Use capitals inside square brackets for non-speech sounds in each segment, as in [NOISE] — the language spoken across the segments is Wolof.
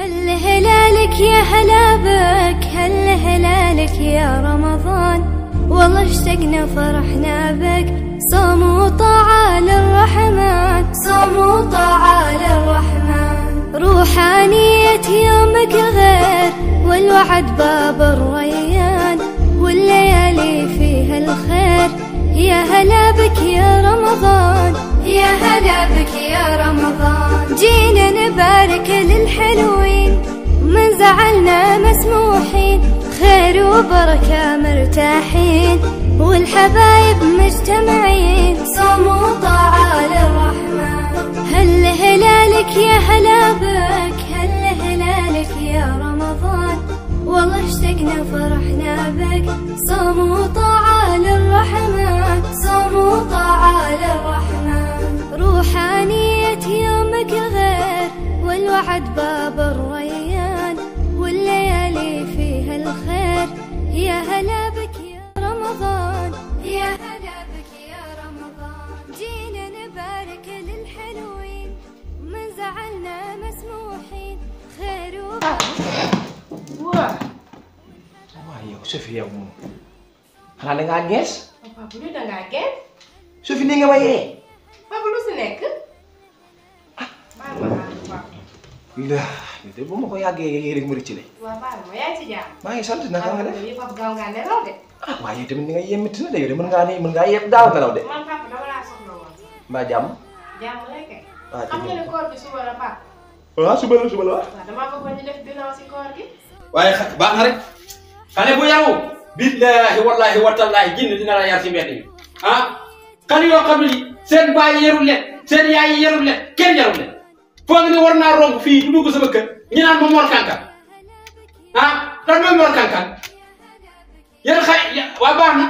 هل هلالك يا هلا بك هل هلالك يا رمضان والله اشتقنا فرحنا بك صوم وطاعة للرحمن صوم وطاعة للرحمن روحانية يومك غير والوعد باب الريان والليالي فيها الخير يا هلا بك يا رمضان يا هلا بك يا رمضان جينا نبارك للحلوين من زعلنا مسموحين خير وبركة مرتاحين والحبايب مجتمعين صوم وطاعة للرحمن هل هلالك يا هلا بك هل هلالك يا رمضان والله اشتقنا فرحنا بك صوم وطاعة للرحمن صوم وطاعة للرحمن روحانية يومك غير والوعد باب الريان والليالي فيها الخير يا هلا بك يا رمضان يا هلا بك يا رمضان جينا نبارك للحلوين من زعلنا مسموحين خير Ayo, Sofi lah de bu ma ko yàggee rek ma rëcc lay. waaw jam. yaa ci jàmm. maa ngi sant naka nga def waaw Papa gaaw ngaa nelaw de. ah waaye tamit ni nga yemmit na léegi de mën ngaa nii mën ngaa yeb daaw Jam, de. man Papa dama laa soxla woon. mbaa jàmm. jàmm rek kay. waaw xam si koor gi. waaye baax na bu yaru. billaahi wallaahi watallaahi jinn dina la si mbedd ah xale yoo xam ne seen baay yarul leen foog ne war naa romb fii du dugg sama kër ñu naan ma Mor Kankan ah lan mooy Mor Kankan yéen xay waa baax na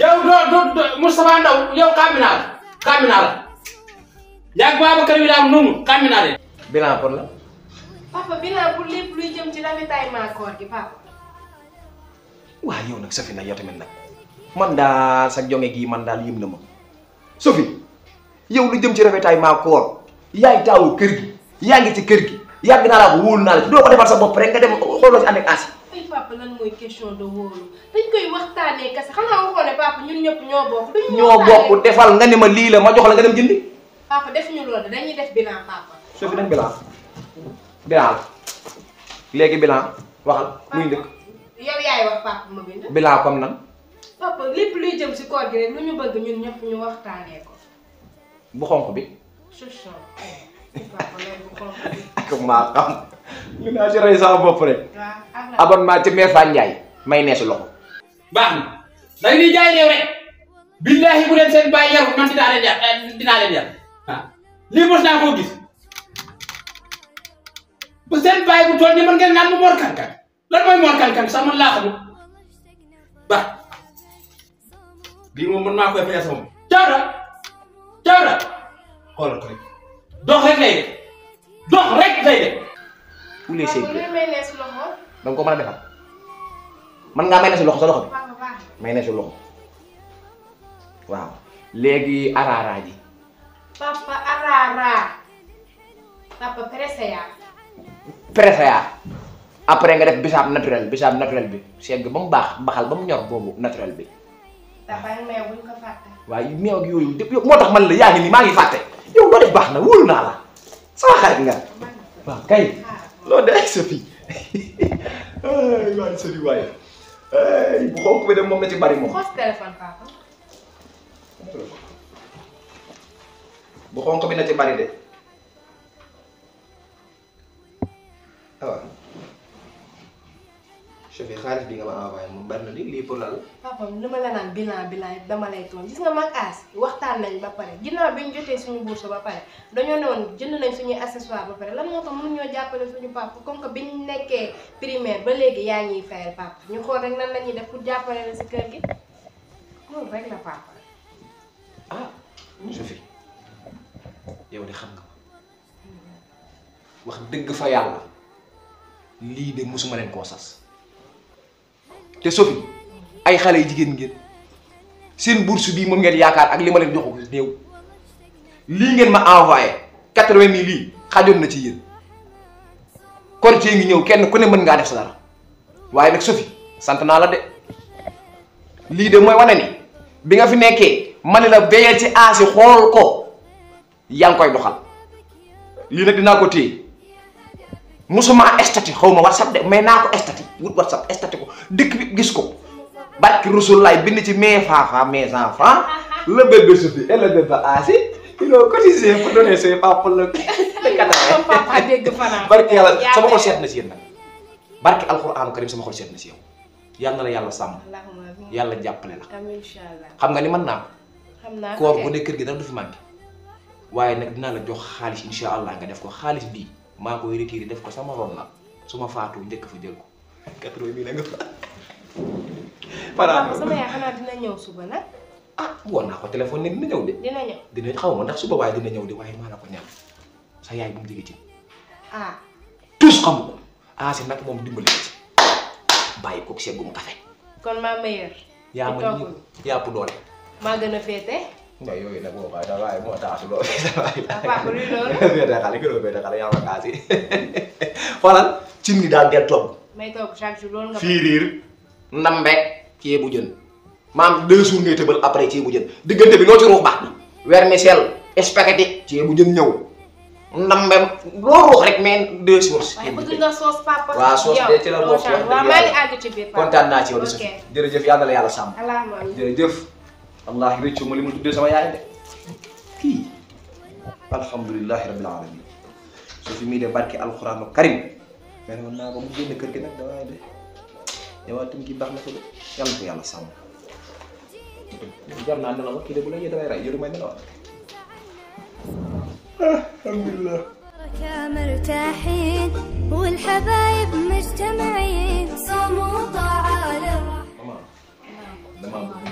yow doo doo doo Moustapha Ndaw yow xaaminaa la xaaminaa la yàgg Babacar Wilane pour la. papa bilan pour lépp luy jëm ci ravitaillement koor gi papa. waaw yow nag Sophie nag yow tamit nag man daal sa jonge gii man daal yëm na ma Sophie yow lu jëm ci ravitaillement koor. yaay taawu kër gi yaa ngi ci kër gi yàgg naa laa ko wóolu naa la ci doo ko defal sa bopp rek nga dem xooloo ci ànd ak aasi. question de wóolu dañ koy waxtaanee kese xanaa waxoo ne ñoo bokk. duñ ñoo bokk defal nga ne ma lii la ma jox la nga dem jëndi. papa defuñu def bilan papa. soo fi dem bilan wax papa ma bind. bilan comme nan. papa lépp luy jëm si koor gi rek ñu ñëpp ñu waxtaanee ko. bu xonq bi. ak maa xam li ci rey sama bopp rek abonnement ci Mère Fane may nee loxo baax na da ngeen di rek billahi bu leen seen bàyyi yarul man dinaa leen yar dinaa leen yar ah mos naa koo gis bu seen bu ni man ngeen Mor lan Mor man man koy xoolal rek dox rek lay def dox rek lay def. tous les chefs ko mën defal man ngaa may na loxo sa loxo bi may na papa arara. papa presaya. presaya après nga def bisaab naturel bisaab naturel bi segg bam bax baxal bam ñor bobu naturel bi. da meew bu ñu ko fàtte. waaw meew ak yoyu moo tax man la yaangi ni ko baax na wóolu naa la sama xarit nga waaw kay loolu de ay Sophie ay waay Sophie waaye ay bu xonk bi de moom la ci bari moom. xoos bu xonq bi na ci bari de ah, waaw. chef yi xaalis bi nga ma envoyé mu bari na lii pour lan la. papa li ma la naan bilan bilan dama lay toon gis nga mag aas waxtaan nañ ba pare ginnaaw bi ñu jotee suñu bourse ba pare dañoo ne woon jënd nañ suñu accessoire ba pare la moo tax mënuñoo jàppale suñu papa comme que bi ñu nekkee primaire ba léegi yaa ñuy fayal papa ñu xool rek nan la ñuy def pour jàppale la si kër gi loolu rek la papa. Ah, xam nga wax dëgg fa yàlla lii de mosuma leen koo sas. te Sophie ay xale yu jigéen ngeen seen bourse bii moom ngeen yaakaar ak li ma leen jox ko néew lii ngeen ma envoyé quatre-vingt mille lii xajoon na ci yéen korité ngi ñëw kenn ku ne mën ngaa def sa dara waaye nag Sophie sant naa la de lii de mooy wane ni bi nga fi nekkee ma ne la veillé ci aasi xool ko yaa ngi koy doxal lii nag dinaa ko téye. musuma estati xaw ma whatsapp de mais naa ko estati wut whatsapp estati ko dëkk bi gis ko barki rusul laay bind ci mes fafa mes enfants [LAUGHS] le bébé Sophie et le bébé Asi ils ont cotisé pour donner ses papas la [LAUGHS] papa dégg fanaan [LAUGHS] barki yàlla sama xol seet na si yéen nag barki alxuraanu karim sama xol seet na si yow yàlla na la yàlla sàmm yàlla jàppale la xam nga ni man naa ko koor ko ne kër gi dara du fi manqué waaye nag dinaa la jox xaalis insha allah nga def ko xaalis bii maa koy requérir def ko sama ron la su faatu njëkk fa jël ko quatre vingt mille nga fa. [LAUGHS] sama yaay xanaa dina ñëw suba nag. ah woon naa ko téléphone ne dina ñëw di dina ñëw dina xaw ma ndax suba waaye dina ñëw de waaye maa la ko ñaan sa yaay bu mu jege ci. ah. tous ko ah si nag moom dimbali ci bàyyi ko seggum kafe. kon maa meilleur. yaa ma yaa ëpp doole. maa gën a féete. Enggak, yo ini gua enggak ada lah, mau ada aku loh. Apa aku dulu? [LAUGHS] Beda kali gue beda kali yang makasih. [LAUGHS] Falan, cin di dalam dia klub. Meto kusak dulu Firir, nembek, kie bujen. Mam deux journées tebel apre kie bujen. Digante bi lo oh, ci ruux baax na. Vermicelle, spaghetti, cie bujen ñew. ndambem loo wax rek mais deux sources. waaye bëgg nga sauce papa. waaw sauce de ci la bokk wax dëgg yàlla kontaan naa ci yow de jërëjëf yàlla na la yàlla sàmm. jërëjëf. wallaahi réccu ma li ma tuddee sama yaay de kii alhamdulilahi alamin su fi muy de barke karim mais nag naa ko mu génn na ko de yàlla ko yàlla sàmm jar naa nelaw ma kii de bu la yee damay rey yoru may nelaw ah, alhamdulilah مرتاحين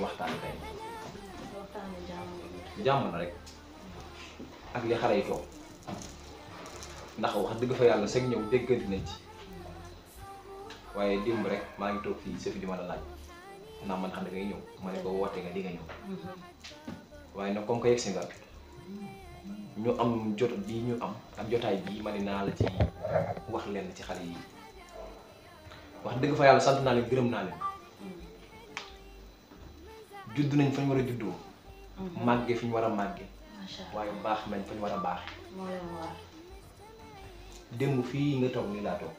waxtaan tey jàmm na rek ak li xale yi toog ndax wax dëgg fa yàlla sag ñëw dégganti nañ ci waaye démb rek maa ngi toog di ma la laaj ndax man ko woote nga nag comme que yegsi jot bi ñu am ak jotaay bii ma ne naa wax lenn ci xale yi wax dëgg fa sant naa leen gërëm naa leen judd nañ fañ war a juddoo magge fiñ wara magge waye bax waaye fiñ wara bax ñu fi nga tok ni la tok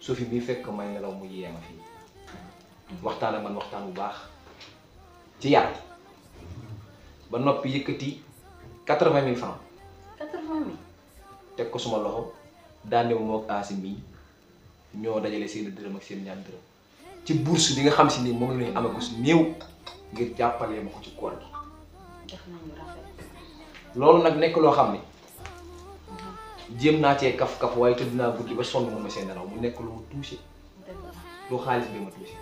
su fi muy fekk may nelaw mu yema fi mm-hmm. waxtana man waxtaan bu baax ci yàlla ba nopi yëkkati 80000 francs. 80000 tek ko suma loxo daane mo ak aasi mii ñoo dajale seen deureum ak seen ñaan deureum ci bourse bi nga xam ci ni moom la ñuy amagu su néew. ngir jàppalee ma ko ci koor loolu nag nekk loo xam ne jéem naa cee kaf-kaf waaye tëdd naa guddi ba sonn moom ma seen nelaw mu nekk lu ma touché xaalis bi ma touché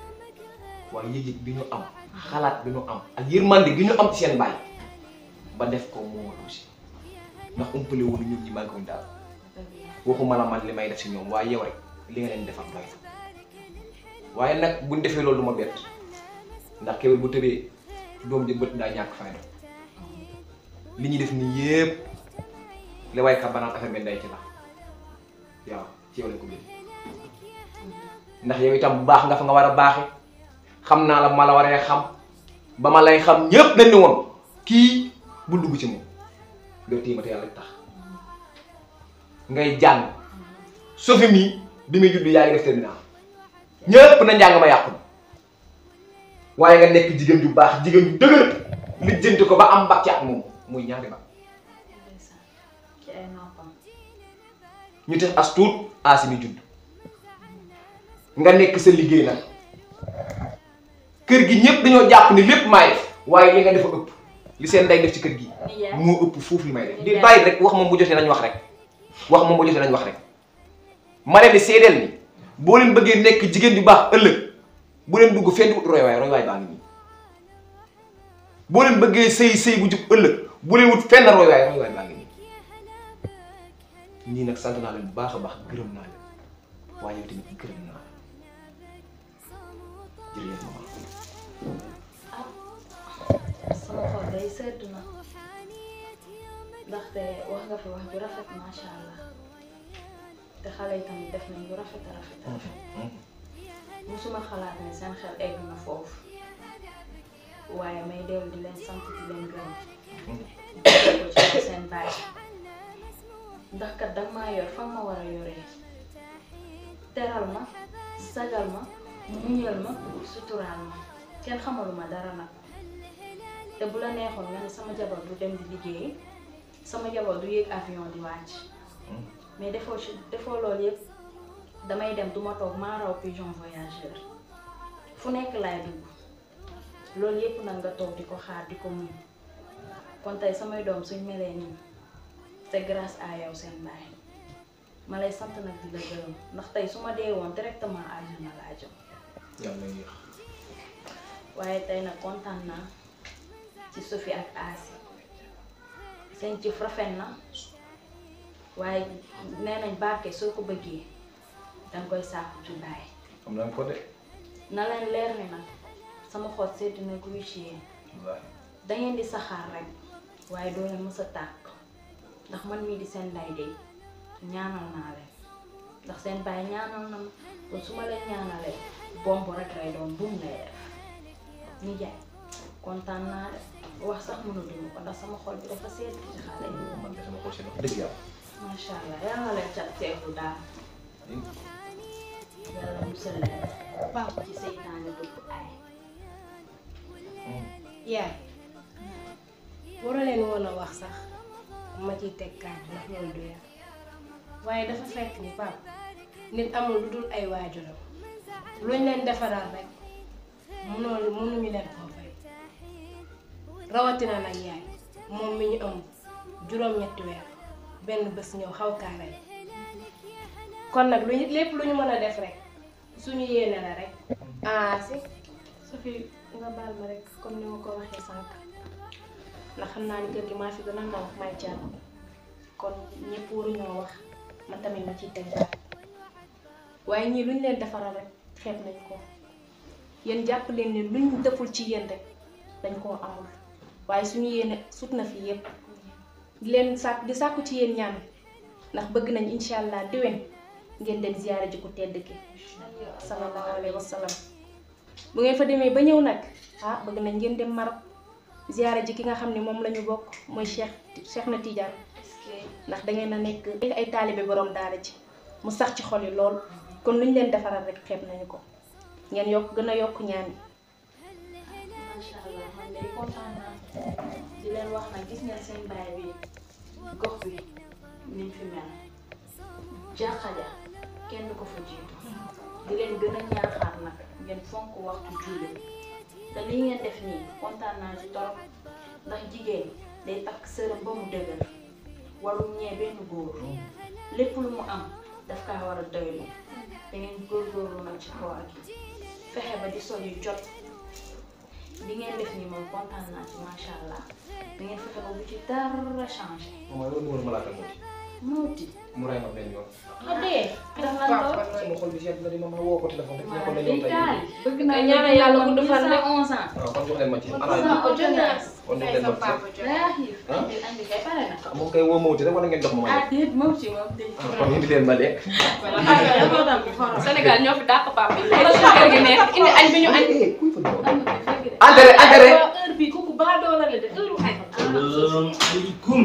waaye yëg bi ñu am xalaat bi ñu am ak yërmande gi ñu am ci seen bàyyi ba def ko moo ma touché ndax umpale woonu ñun ñi manqué wuñ daal waxuma la man li may def si ñoom waaye yow rek li nga leen defal doy waaye nag buñ defee loolu du ma bett ndax kewel bu tëbee doom ji bët ndaa ñàkk fayda li ñuy def nii yëpp li way ka banaan affaire bi ndax yow itam bu baax nga fa nga war a baaxe xam naa la ma la waree xam ba ma lay xam ñëpp dañ ne woon kii bu dugg ci moom loolu tiimate yàlla tax ngay jàng sofi mi bi muy judd yaa ngi def terminal ñëpp na njàng ma yàqu waye nga nek jigen ju bax jigen ju deugal li jënd ko ba am bakki ak mom muy ñaari ba ñu tax as asimi aasimi judd nga nek sa liggey nag kër gi ñepp dañu japp ni lepp may def waye li nga def ëpp li seen nday def ci kër gi mo ëpp fofu li may def di bay rek wax mom bu jotee lañ wax rek wax mom bu lañ wax rek ma bi sédel ni bo leen bëggee nek jigen ju bax ëlëk bu leen dugg fenn wut roy waay roy waay baa ngi nii boo bëggee sëy sëy bu jub ëllëg bu wut fenn roy waay roy waay baa ngi nii nag sant naa leen bu baax a baax gërëm naa leen waaye yow tamit gërëm naa leen jërëjëf maman. ah sama xol day wax nga fi wax ju rafet macha allah te xale yi tamit def nañ bu rafet a rafet a rafet. Hmm? suma xalaat ne seen xel egg na foofu waaye may dellu di leen sant di leen gërëm ko ci seen bàyyi ndax kat danga yor fan ma war a yoree teral ma sagal ma muñal ma suturaal ma kenn xamaluma dara nag te bu la neexoon nga ne sama jabar du dem di liggéey sama jabar du yéeg avion di wàcc hmm. mais defoo ci defoo loolu yëpp damay dem du ma toog maa raw voyageur fu nekk laay dugg loolu yépp nag nga toog di ko xaar di ko muñ kon tey samay doom suñ melee nii c'est grâce à seen baay ma lay sant nag di la gërëm ndax tey su ma dee woon directement àjjana laa jëm. yàlla waaye tey nag kontaan naa ci Sophie ak Asi seen ci rafet na waaye nee nañ barke soo ko bëggee. danga koy saako ci mbaay. am nañ ko de. na leen leer ni nag sama xol seetlu na kuy ci yéen. di saxaar rek waaye doo leen mës tàkk ndax man mii di seen lay de ñaanal naa leen ndax seen baay ñaanal na ma kon su ma leen ñaanalee bomb rek lay doon buum lay def ñu jaay kontaan naa de wax sax mënatuma ko ndax sama xol bi dafa seet ci xale yi. man de sama xol seen wax dëgg yàlla. macha allah yàlla leen cat seetlu yàlla ci seytaane dugg ay yaay waroo leen woon a wax sax ma ciy teg kàddu ndax loolu du yàlla waaye dafa fekk ni pap nit amul lu dul ay waajuram luñ leen defaral rek mënoo mënuñu leen koo fay rawatina nag yaay moom mi ñu am juróom-ñetti weer benn bés ñëw xaw kaaray kon nag lu lépp lu ñu mën a def rek suñu yéene la rek ah si su fi nga baal ma rek comme ni ma ko waxee sànq ndax xam naa ni kër gi maa fi gën a ndaw may jàll kon ñëpp waruñoo wax man tamit ma ciy teg waaye ñii luñ leen defaral rek xeeb nañ ko yéen jàpp leen lu ñu deful ci yéen rek dañ koo amul waaye suñu yéene sut na fii yépp di leen sàkk di sàkku ci yéen ñaan ndax bëgg nañ incha allah déwén. ngeen dem ziyaara ji ku tedd ki sallallahu alayhi wa sallam bu ngeen fa demee ba ñëw nag ah bëgg nañ ngeen dem Maroc ziyaara ji ki nga xam ni moom lañu bokk mooy Cheikh Cheikh na Tidiane ndax da ngeen a nekk ay taalibe borom daara ji mu sax ci xol yi lool kon lu ñu leen defaral rek xeeb nañu ko ngeen yokk gën a yokk ñaan yi. macha leen wax gis ngeen seen baay kenn du ko fa jiitu di len gëna a ñaaxaat nag ngeen fonk waxtu julli da li ngeen def ni contant na ci torop ndax jigeen day takk sëram ba mu dëgër waru ñee benn goor lepp lu mu am daf ka wara a doylu da ngeen goor goor lu nag ci koor gi fexe ba di soñu jot li ngeen def ni mom contant na ci macha allah da ngeen fexe ba bu ci dara changé. moom mooy loolu muuti mu rey ma benn yoon. nga dee. dafa ndaw sama xol bi seet na di ma ma woo ko téléphone rek ne ko ne yow tey. bëgg naa ñaanal yàlla gudd fan rek. waaw kon jox leen ma ci ana kon jox leen ma ci. Ah? ah moom kay woo mawti rek wala ngeen jox ma ma lekk. ah déet mawti moom déet. Ah, kon indi leen ma lekk. Sénégal ñoo fi dàq papa yi. kër gi neex indi añ bi ñu añ. entrée eh, entrée. heure bi kooku baax doo la de heure bu añ. asalaamaaleykum.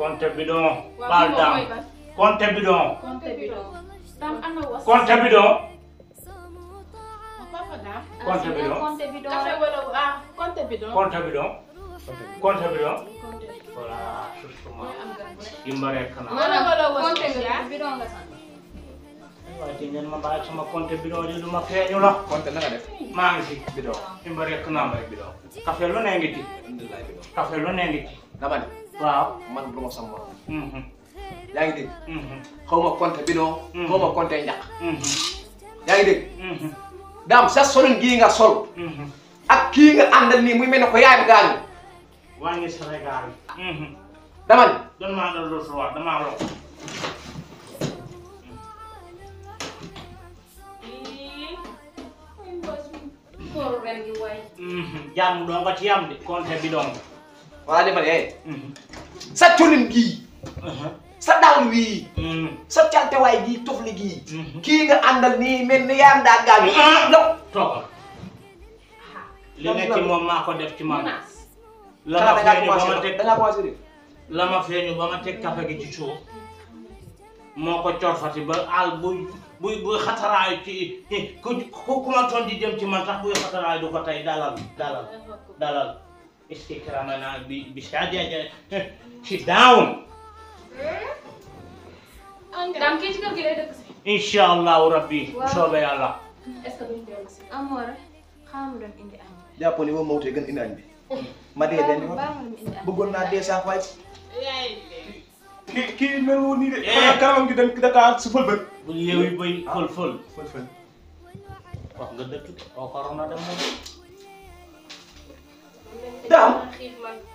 compte bidon baal daam compte bidon compte bidon compte bidon compte bidon compte bidon compte bidon voilà justement dimbare kana waaye ngeen lu ne ngi ci. café lu ne ngi ci. dama waaw man du ma sa morom. Mm-hmm. yaa ngi dégg. Mm-hmm. xaw ma compter bidon. Mm-hmm. ma compter ñaq. yaa ngi dégg. daam sa solin gii nga sol. ak kii nga àndal nii ko yaayam gaañu. waa ngi Sénégal. dama doon maa doon lool waaw wala defal yee. sa colin gii uh-huh. sa dal wii mm-hmm. sa cantewaay gii tufli gii mm-hmm. kii nga àndal nii mel ni yaam daa gaaw yi lop toogal ah. li nga ci moom maa ko def ci man la ma feeñu ba ma teg dangaa la ma feeñu ba ma teg gi ci suuf moo ko corfati ba àll buy buy buy xataraayu ci eh, ku ku ma toon di jëm ci man tax buy xataraayu du ko tey dalal dalal dalal istikramana bisa aja aja eh, sit down Ramke ji kab gele de Allah. Rabbi. Şöyle Allah. Amor. Hamran indi an. Ya poni wo mawte gan ina andi. Ma de den wa. Bëggon na de sa fay. Ki ki mel woni de. Ko karam gi kita da ka ber. ful bëg. Bu full full full. Wah Ful ful. Wax nga dëkk. mo. Dah,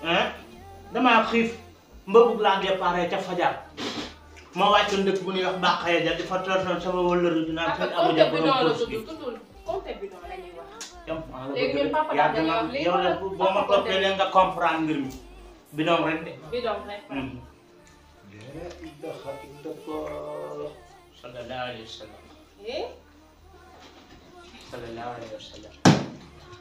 eh? damaa xiif mbëbug laa déparé ca fajar ma wàccoon dëkk bu ñuy wax Bàqaya ja di fa tortoon sama wëllëru dinaa fekk abu ja borom kër gi léegi ñun papa Ya, dañuy wax léegi yow la boo ma toppee leen nga comprendre mbir mi bidon rek de. bidon rek. sallallahu alayhi wa sallam. sallallahu alayhi wa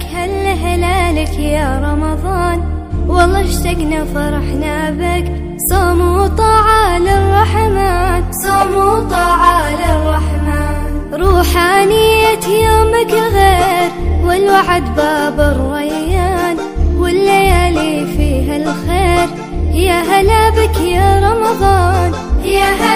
لك هل هلالك يا رمضان والله اشتقنا فرحنا بك صوم وطاعة للرحمن صوم وطاعة للرحمن روحانية يومك غير والوعد باب الريان والليالي فيها الخير يا هلا بك يا رمضان يا هلا